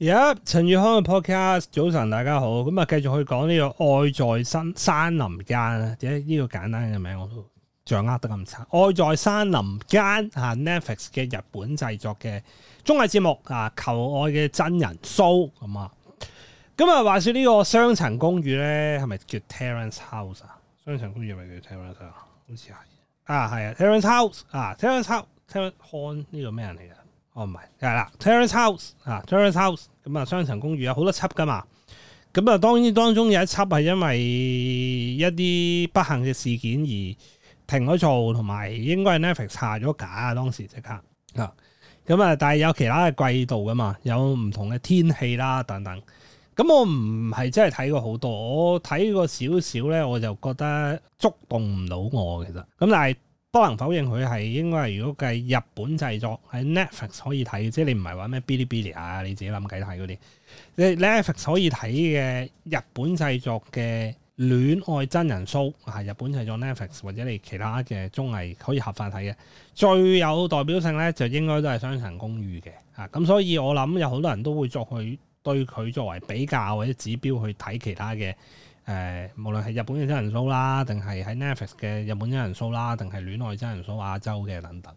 而家陳宇康嘅 podcast 早晨，大家好。咁啊，繼續去講呢個愛在山山林間啊，點解呢個簡單嘅名我都掌握得咁差？愛在山林間啊，Netflix 嘅日本製作嘅綜藝節目啊，求愛嘅真人 show 咁啊。咁啊，話說呢個雙層公寓咧，係咪叫 Terrace House？雙層公寓係咪叫 Terrace House？好似係啊，係啊，Terrace House 啊，Terrace House，Terrace Horn House，呢個咩人嚟噶？哦，唔係，就係啦，Terrace House 啊，Terrace House 咁啊，雙層公寓有好多輯㗎嘛，咁啊，當然當中有一輯係因為一啲不幸嘅事件而停咗做，同埋應該係 Netflix 下咗架啊，當時即刻啊，咁啊，但係有其他嘅季度㗎嘛，有唔同嘅天氣啦等等，咁，我唔係真係睇過好多，我睇過少少咧，我就覺得觸動唔到我其實，咁，但係。不能否認佢係應該係，如果計日本製作喺 Netflix 可以睇嘅，即係你唔係話咩 Bilibili 啊，你自己諗計睇嗰啲，你 Netflix 可以睇嘅日本製作嘅戀愛真人 show，係日本製作 Netflix 或者你其他嘅綜藝可以合法睇嘅，最有代表性咧就應該都係雙層公寓嘅，嚇咁所以我諗有好多人都會作去對佢作為比較或者指標去睇其他嘅。誒，無論係日本嘅真人 show 啦，定係喺 Netflix 嘅日本真人 show 啦，定係戀愛真人 show 亞洲嘅等等。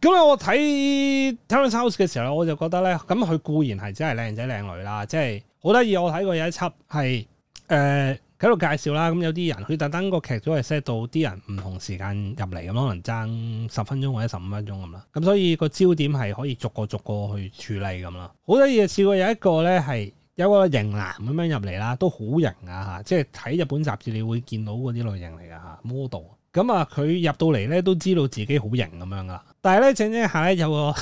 咁、嗯、我睇《Terrace House》嘅時候我就覺得咧，咁、嗯、佢固然係真係靚仔靚女啦，即係好得意。我睇過有一輯係誒喺度介紹啦，咁、嗯、有啲人佢特登個劇組係 set 到啲人唔同時間入嚟咁，可能爭十分鐘或者十五分鐘咁啦。咁所以個焦點係可以逐個逐個去處理咁啦。好得意，試過有一個咧係。有個型男咁樣入嚟啦，都好型啊！即係睇日本雜誌，你會見到嗰啲類型嚟噶嚇 model。咁啊，佢入到嚟咧都知道自己好型咁樣啦。但係咧，正正係咧有個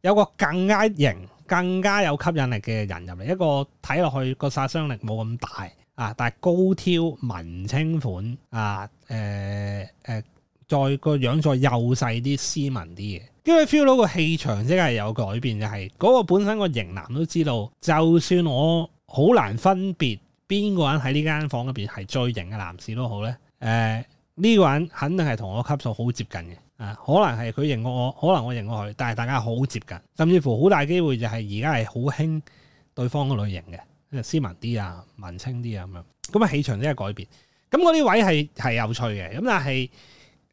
有個更加型、更加有吸引力嘅人入嚟，一個睇落去個殺傷力冇咁大啊，但係高挑文青款啊，誒、呃。再個樣再幼細啲、斯文啲嘅，因為 feel 到個氣場即係有改變，就係、是、嗰個本身個型男都知道，就算我好難分別邊個人喺呢間房入邊係最型嘅男士都好咧。誒、呃，呢、這個人肯定係同我級數好接近嘅，啊，可能係佢型過我，可能我型過佢，但係大家好接近，甚至乎好大機會就係而家係好興對方個類型嘅，斯文啲啊、文青啲啊咁樣，咁啊氣場即係改變。咁嗰啲位係係有趣嘅，咁但係。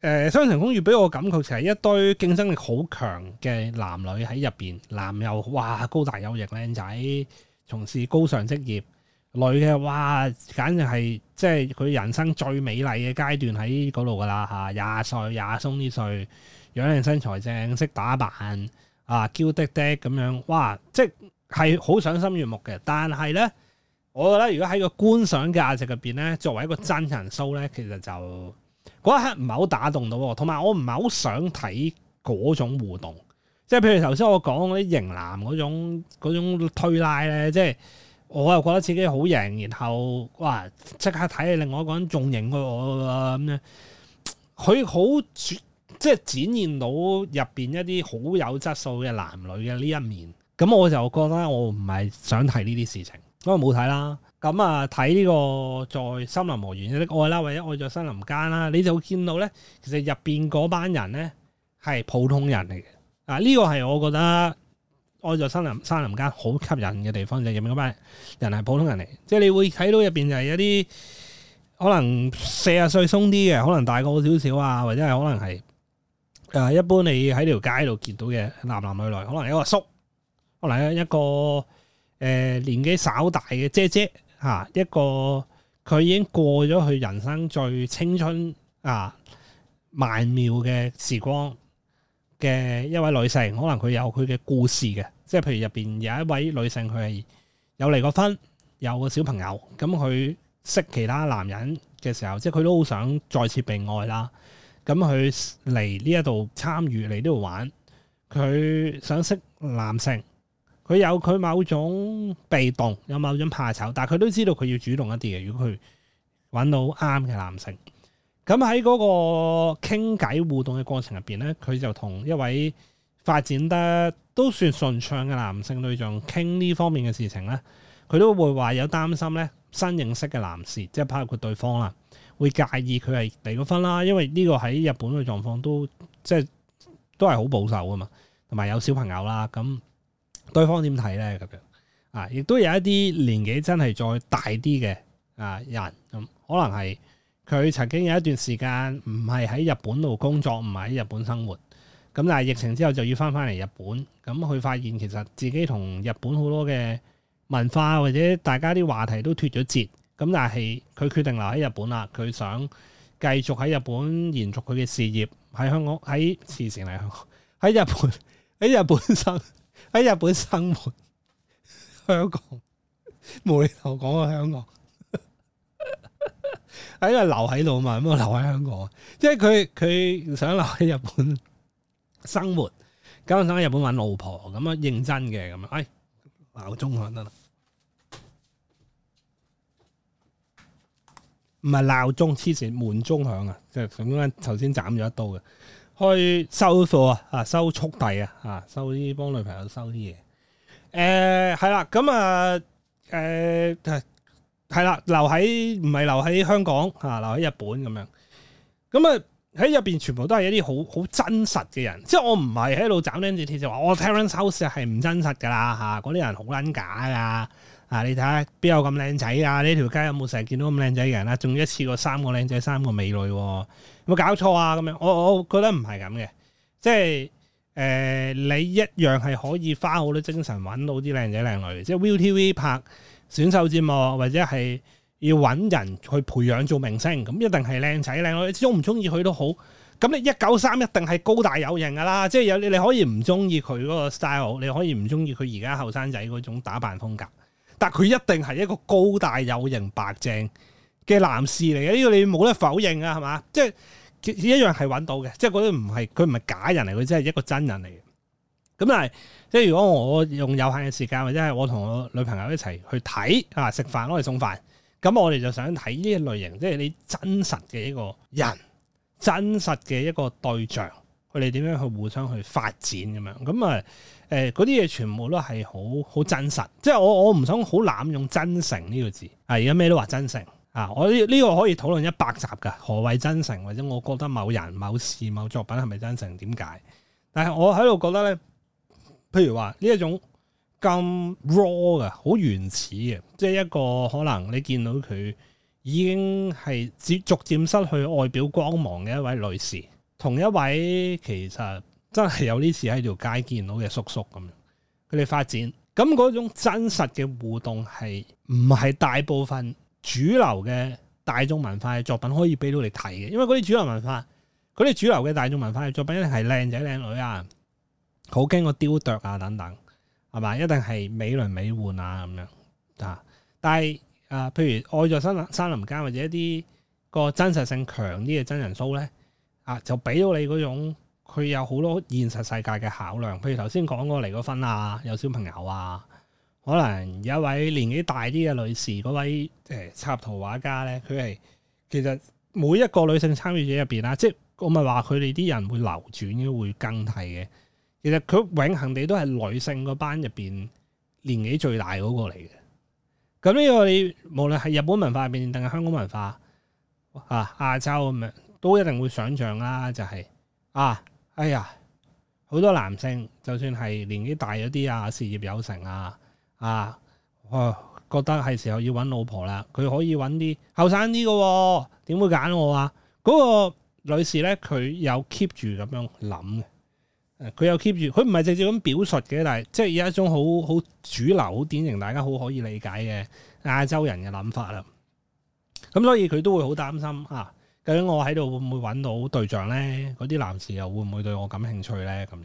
誒、呃，商城公寓俾我感覺其實一堆競爭力好強嘅男女喺入邊，男又哇高大有型靚仔，從事高尚職業；女嘅哇，簡直係即係佢人生最美麗嘅階段喺嗰度噶啦吓，廿歲廿鬆啲歲，樣靚身材正，識打扮啊，嬌滴滴咁樣，哇，即係係好賞心悅目嘅。但係咧，我覺得如果喺個觀賞價值入邊咧，作為一個真人 show 咧，其實就。嗰一刻唔係好打動到，同埋我唔係好想睇嗰種互動，即係譬如頭先我講嗰啲型男嗰種嗰種推拉咧，即係我又覺得自己好型，然後哇即刻睇另外一個人仲型過我咁樣，佢、嗯、好即係展現到入邊一啲好有質素嘅男女嘅呢一面，咁我就覺得我唔係想睇呢啲事情，咁我冇睇啦。咁啊，睇呢個在森林無緣的愛啦，或者愛在森林間啦，你就會見到咧，其實入邊嗰班人咧係普通人嚟嘅。啊，呢個係我覺得愛在森林、森林間好吸引嘅地方就係入邊嗰班人係普通人嚟，即係你會睇到入邊就係有啲可能四十歲鬆啲嘅，可能大個少少啊，或者係可能係誒、呃、一般你喺條街度見到嘅男男女女，可能一個叔，可能一個誒、呃、年紀稍大嘅姐姐。嚇一個佢已經過咗佢人生最青春啊，曼妙嘅時光嘅一位女性，可能佢有佢嘅故事嘅，即係譬如入邊有一位女性，佢係有離過婚，有個小朋友，咁佢識其他男人嘅時候，即係佢都好想再次被愛啦。咁佢嚟呢一度參與嚟呢度玩，佢想識男性。佢有佢某種被動，有某種怕醜，但係佢都知道佢要主動一啲嘅。如果佢搵到啱嘅男性，咁喺嗰個傾偈互動嘅過程入邊咧，佢就同一位發展得都算順暢嘅男性對象傾呢方面嘅事情咧，佢都會話有擔心咧，新認識嘅男士，即係包括對方啦，會介意佢係離咗婚啦，因為呢個喺日本嘅狀況都即係都係好保守㗎嘛，同埋有小朋友啦咁。對方點睇咧？咁樣啊，亦都有一啲年紀真係再大啲嘅啊人咁，可能係佢曾經有一段時間唔係喺日本度工作，唔係喺日本生活咁。但係疫情之後就要翻翻嚟日本咁，佢發現其實自己同日本好多嘅文化或者大家啲話題都脫咗節咁。但係佢決定留喺日本啦，佢想繼續喺日本延續佢嘅事業，喺香港喺辭職嚟香港喺日本喺日，日本生。喺日本生活，香港，無論我講個香港，喺 度留喺度嘛？咁我留喺香港？即係佢佢想留喺日本生活，咁加想喺日本揾老婆，咁啊認真嘅咁啊！哎，鬧鐘響得啦，唔係鬧鐘黐線，門鐘響啊！即係咁樣頭先斬咗一刀嘅，去收貨啊，啊收速遞啊，啊收啲幫女朋友收啲嘢，誒係啦，咁啊，誒係啦，留喺唔係留喺香港啊，留喺日本咁樣，咁啊喺入邊全部都係一啲好好真實嘅人，即係我唔係喺度斬釘截鐵就話我 Terrace House 係唔真實噶啦吓，嗰、啊、啲人好撚假噶。啊！你睇下邊有咁靚仔啊？呢條街有冇成日見到咁靚仔嘅人啊？仲一次過三個靚仔三個美女，有冇搞錯啊？咁樣、啊、我我覺得唔係咁嘅，即係誒、呃、你一樣係可以花好多精神揾到啲靚仔靚女，即係 ViuTV 拍選秀節目或者係要揾人去培養做明星，咁一定係靚仔靚女。你始終唔中意佢都好，咁你一九三一定係高大有型噶啦，即係有你你可以唔中意佢嗰個 style，你可以唔中意佢而家後生仔嗰種打扮風格。但佢一定係一個高大有型、白淨嘅男士嚟嘅，呢個你冇得否認啊，係嘛？即係一樣係揾到嘅，即係嗰啲唔係佢唔係假人嚟，佢真係一個真人嚟嘅。咁但係，即係如果我用有限嘅時間，或者係我同我女朋友一齊去睇啊、食飯攞嚟送飯，咁我哋就想睇呢一類型，即係你真實嘅一個人，真實嘅一個對象。佢哋點樣去互相去發展咁樣咁啊？誒，嗰啲嘢全部都係好好真實，即係我我唔想好濫用真誠呢個字。係而家咩都話真誠啊！我呢呢個可以討論一百集噶，何謂真誠？或者我覺得某人、某事、某作品係咪真誠？點解？但係我喺度覺得咧，譬如話呢一種咁 raw 嘅、好原始嘅，即係一個可能你見到佢已經係逐漸失去外表光芒嘅一位女士。同一位其實真係有啲似喺條街見到嘅叔叔咁樣，佢哋發展咁嗰種真實嘅互動係唔係大部分主流嘅大眾文化嘅作品可以俾到你睇嘅？因為嗰啲主流文化、嗰啲主流嘅大眾文化嘅作品一定係靚仔靚女啊，好經過雕琢啊等等，係嘛？一定係美輪美奐啊咁樣啊，但係啊、呃，譬如愛在山山林間或者一啲個真實性強啲嘅真人 show 咧。啊！就俾到你嗰種，佢有好多現實世界嘅考量，譬如頭先講過離咗婚啊，有小朋友啊，可能有一位年紀大啲嘅女士，嗰位誒、呃、插圖畫家咧，佢係其實每一個女性參與者入邊啦，即係我咪話佢哋啲人會流轉嘅，會更替嘅。其實佢永恆地都係女性嗰班入邊年紀最大嗰個嚟嘅。咁呢個你無論係日本文化入邊定係香港文化啊，亞洲咁樣。都一定會想象啦，就係、是、啊，哎呀，好多男性就算係年紀大咗啲啊，事業有成啊，啊，覺得係時候要搵老婆啦，佢可以搵啲後生啲嘅。點、哦、會揀我啊？嗰、那個女士咧，佢有 keep 住咁樣諗嘅，佢有 keep 住，佢唔係直接咁表述嘅，但係即係有一種好好主流、好典型、大家好可以理解嘅亞洲人嘅諗法啦。咁所以佢都會好擔心啊。究竟我喺度會唔會揾到對象咧？嗰啲男士又會唔會對我感興趣咧？咁樣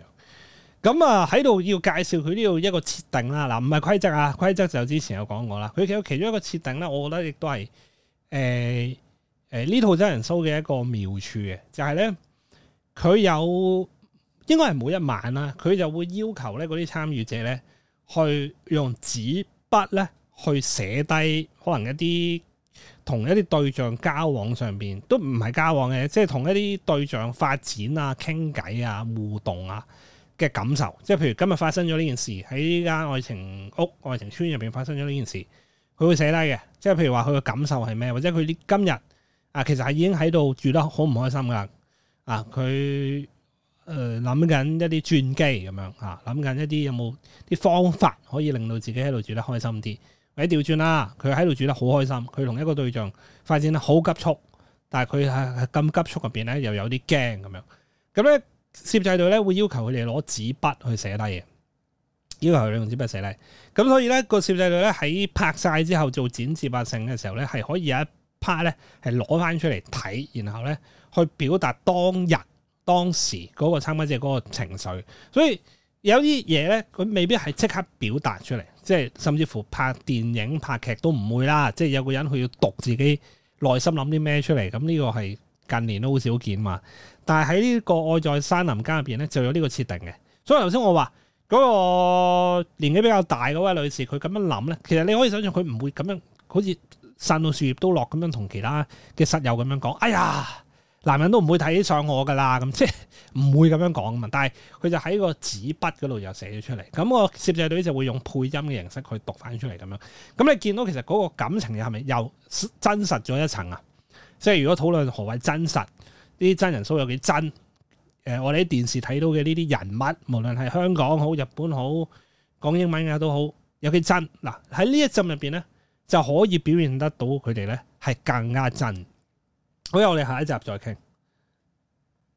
咁啊，喺度要介紹佢呢度一個設定啦。嗱，啊，唔係規則啊，規則就之前有講過啦。佢其其中一個設定咧，我覺得亦都係誒誒呢套真人 show 嘅一個妙處嘅，就係咧佢有應該係每一晚啦，佢就會要求咧嗰啲參與者咧去用紙筆咧去寫低可能一啲。同一啲對象交往上邊都唔係交往嘅，即係同一啲對象發展啊、傾偈啊、互動啊嘅感受。即係譬如今日發生咗呢件事，喺呢間愛情屋、愛情村入邊發生咗呢件事，佢會寫低嘅。即係譬如話佢嘅感受係咩，或者佢啲今日啊，其實係已經喺度住得好唔開心㗎。啊，佢誒諗緊一啲轉機咁樣吓，啊，諗緊一啲有冇啲方法可以令到自己喺度住得開心啲。你調轉啦，佢喺度住得好開心，佢同一個對象發展得好急速，但係佢係係咁急速入邊咧，又有啲驚咁樣。咁咧，攝製隊咧會要求佢哋攞紙筆去寫低嘢。要求佢哋用紙筆寫低。咁所以咧，個攝製隊咧喺拍晒之後做剪接合成嘅時候咧，係可以有一 part 咧係攞翻出嚟睇，然後咧去表達當日當時嗰個參加者嗰個情緒，所以。有啲嘢咧，佢未必係即刻表達出嚟，即係甚至乎拍電影拍劇都唔會啦。即係有個人佢要讀自己內心諗啲咩出嚟，咁、這、呢個係近年都好少見嘛。但係喺呢個愛在山林間入邊咧，就有呢個設定嘅。所以頭先我話嗰、那個年紀比較大嗰位女士，佢咁樣諗咧，其實你可以想象佢唔會咁樣，好似散到樹葉都落咁樣，同其他嘅室友咁樣講，哎呀～男人都唔會睇上我噶啦，咁即係唔會咁樣講噶嘛。但係佢就喺個紙筆嗰度又寫咗出嚟。咁我攝製隊就會用配音嘅形式去讀翻出嚟咁樣。咁你見到其實嗰個感情又係咪又真實咗一層啊？即係如果討論何謂真實，呢啲真人 show 有幾真？誒、呃，我哋喺電視睇到嘅呢啲人物，無論係香港好、日本好、講英文嘅都好，有幾真？嗱，喺呢一浸入邊咧，就可以表現得到佢哋咧係更加真。好，我哋下一集再傾。